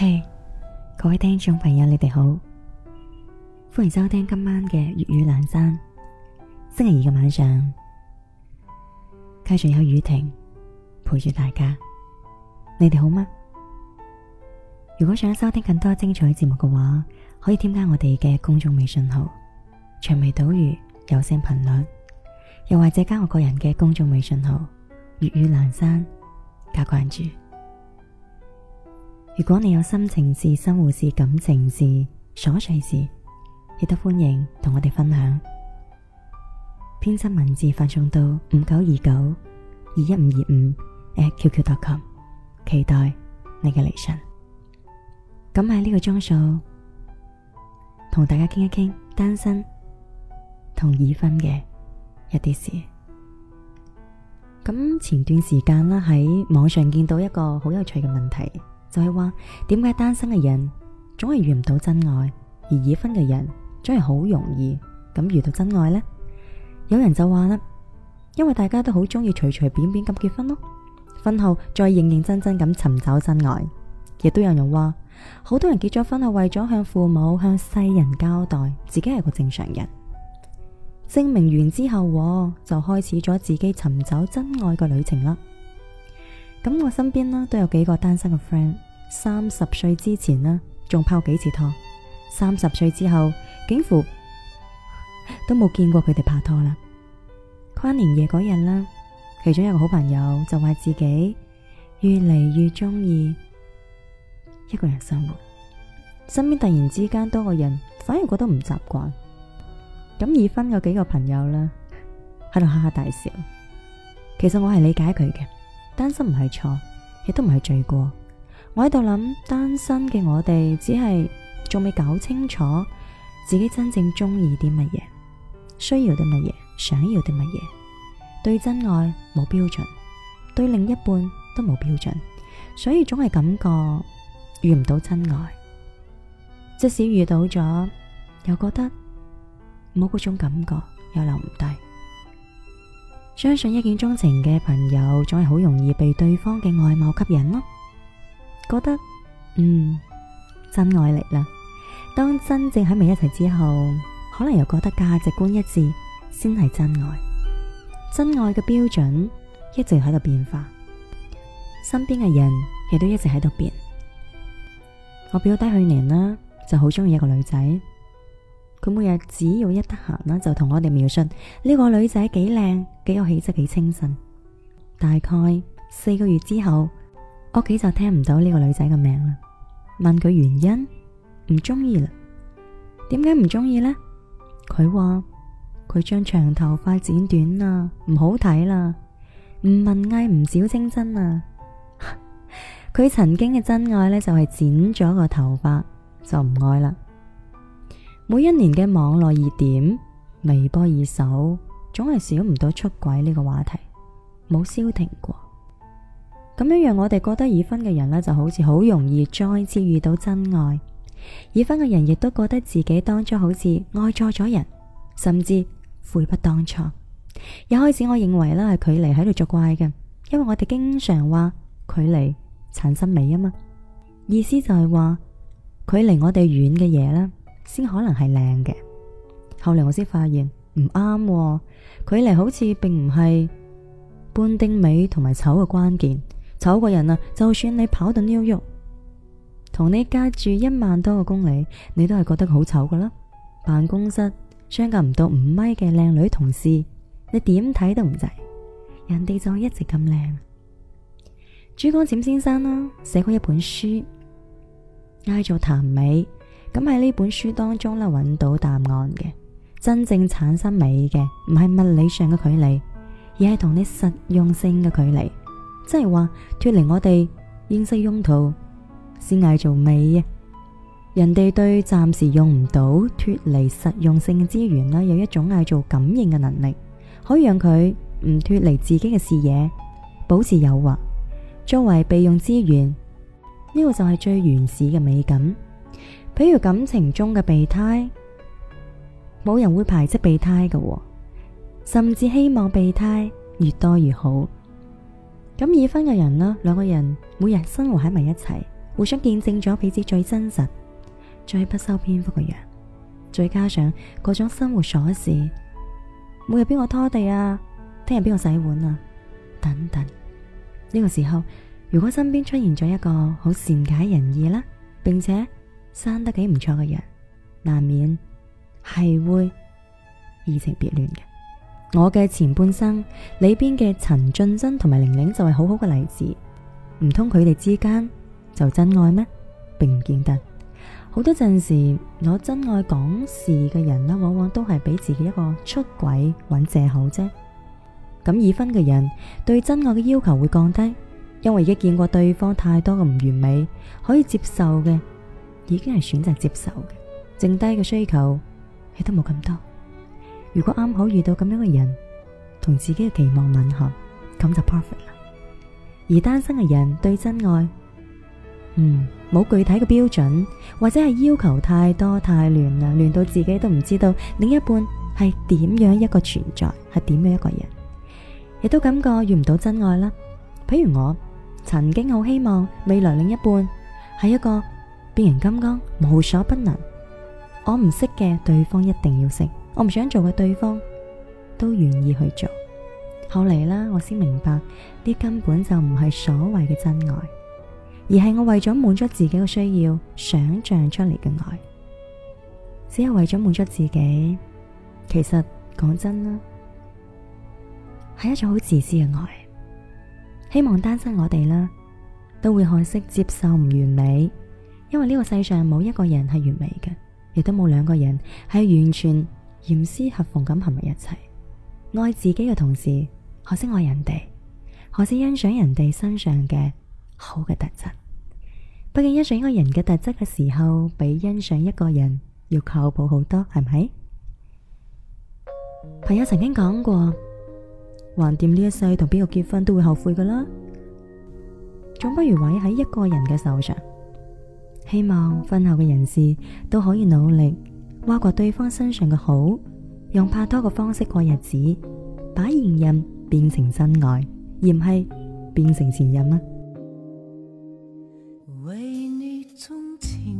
嘿，hey, 各位聽眾朋友，你哋好！歡迎收聽今晚嘅粵語闌珊。星期二嘅晚上，街上有雨婷，陪住大家。你哋好嗎？如果想收聽更多精彩節目嘅話，可以添加我哋嘅公眾微信號“長尾島嶼有聲頻率”，又或者加我個人嘅公眾微信號“粵語闌珊”。加關注。如果你有心情事、生活事、感情事、瑣碎事，亦都歡迎同我哋分享。編輯文字發送到五九二九二一五二五 @qq.com，期待你嘅嚟信。咁喺呢個鐘數，同大家傾一傾單身同已婚嘅一啲事。咁前段時間啦，喺網上見到一個好有趣嘅問題。就係話點解單身嘅人總係遇唔到真愛，而已婚嘅人總係好容易咁遇到真愛呢？有人就話啦，因為大家都好中意隨隨便便咁結婚咯，婚後再認認真真咁尋找真愛。亦都有人話，好多人結咗婚係為咗向父母、向世人交代自己係個正常人，證明完之後就開始咗自己尋找真愛嘅旅程啦。咁我身邊啦都有幾個單身嘅 friend。三十歲之前呢，仲拍過幾次拖，三十歲之後，幾乎都冇見過佢哋拍拖啦。跨年夜嗰日啦，其中一個好朋友就話自己越嚟越中意一個人生活，身邊突然之間多個人，反而覺得唔習慣。咁已婚有幾個朋友啦，喺度哈哈大笑。其實我係理解佢嘅，單身唔係錯，亦都唔係罪過。我喺度諗，單身嘅我哋只係仲未搞清楚自己真正中意啲乜嘢，需要啲乜嘢，想要啲乜嘢。對真愛冇標準，對另一半都冇標準，所以總係感覺遇唔到真愛。即使遇到咗，又覺得冇嗰種感覺，又留唔低。相信一見鍾情嘅朋友，總係好容易被對方嘅外貌吸引咯，覺得，嗯，真愛嚟啦，當真正喺埋一齊之後，可能又覺得價值觀一致先係真愛。真愛嘅標準一直喺度變化，身邊嘅人亦都一直喺度變。我表弟去年啦就好中意一個女仔，佢每日只要一得閒啦，就同我哋描述呢 個女仔幾靚，幾有氣質，幾清新。大概四個月之後，屋企就聽唔到呢個女仔嘅名啦，問佢原因，唔中意啦。點解唔中意呢？佢話佢將長頭髮剪短啦，唔好睇啦，唔文藝唔小清新啦。佢 曾經嘅真愛呢，就係剪咗個頭髮就唔愛啦。每一年嘅網絡熱點、微博熱搜，總係少唔到出軌呢個話題，冇消停過。咁樣讓我哋覺得已婚嘅人呢，就好似好容易再次遇到真愛。已婚嘅人亦都覺得自己當初好似愛錯咗人，甚至悔不當初。一開始我認為呢係距離喺度作怪嘅，因為我哋經常話距離產生美啊嘛。意思就係話距離我哋遠嘅嘢呢，先可能係靚嘅。後來我先發現唔啱啊，距離好似並唔係判定美同埋醜嘅關鍵。醜嘅人啊，就算你跑到 New York，同你隔住一萬多個公里，你都係覺得好醜噶啦。辦公室相隔唔到五米嘅靚女同事，你點睇都唔滯，人哋就一直咁靚。朱光潛先生啦，寫過一本書，嗌做《談美》，咁喺呢本書當中咧，搵到答案嘅，真正產生美嘅，唔係物理上嘅距離，而係同你實用性嘅距離。即係話脫離我哋現實用途先嗌做美，人哋對暫時用唔到脫離實用性嘅資源啦，有一種嗌做感應嘅能力，可以讓佢唔脫離自己嘅視野，保持誘惑，作為備用資源。呢個就係最原始嘅美感。比如感情中嘅備胎，冇人會排斥備胎嘅，甚至希望備胎越多越好。咁已婚嘅人啦，兩個人每日生活喺埋一齊，互相見證咗彼此最真實、最不修邊幅嘅樣。再加上各種生活瑣事，每日邊個拖地啊，聽日邊個洗碗啊，等等。呢個時候，如果身邊出現咗一個好善解人意啦，並且生得幾唔錯嘅人，難免係會移情別戀嘅。我嘅前半生裏邊嘅陳俊生同埋玲玲就係好好嘅例子，唔通佢哋之間就真愛咩？並唔見得。好多陣時攞真愛講事嘅人啦，往往都係俾自己一個出軌揾借口啫。咁已婚嘅人對真愛嘅要求會降低，因為已經見過對方太多嘅唔完美，可以接受嘅已經係選擇接受嘅，剩低嘅需求亦都冇咁多。如果啱好遇到咁樣嘅人，同自己嘅期望吻合，咁就 perfect 啦。而單身嘅人對真愛，嗯，冇具體嘅標準，或者係要求太多太亂啦，亂到自己都唔知道另一半係點樣一個存在，係點樣一個人，亦都感覺遇唔到真愛啦。譬如我曾經好希望未來另一半係一個變形金剛，無所不能，我唔識嘅對方一定要識。我唔想做嘅，對方都願意去做。後嚟啦，我先明白呢，根本就唔係所謂嘅真愛，而係我為咗滿足自己嘅需要想象出嚟嘅愛。只係為咗滿足自己，其實講真啦，係一種好自私嘅愛。希望單身我哋啦，都會學識接受唔完美，因為呢個世上冇一個人係完美嘅，亦都冇兩個人係完全。嚴絲合縫咁行埋一齊，愛自己嘅同時，學識愛人哋，學識欣賞人哋身上嘅好嘅特質。畢竟欣賞一個人嘅特質嘅時候，比欣賞一個人要靠譜好多，係咪？朋友曾經講過，橫掂呢一世同邊個結婚都會後悔噶啦，總不如委喺一個人嘅手上，希望婚後嘅人士都可以努力。挖掘對方身上嘅好，用拍拖嘅方式過日子，把現任變成真愛，而唔係變成前任啊！為你鍾情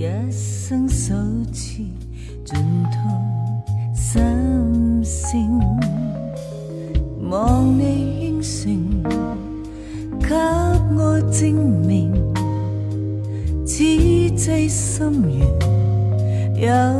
一生首次，盡吐心聲，望你應承，給我證明，此際心願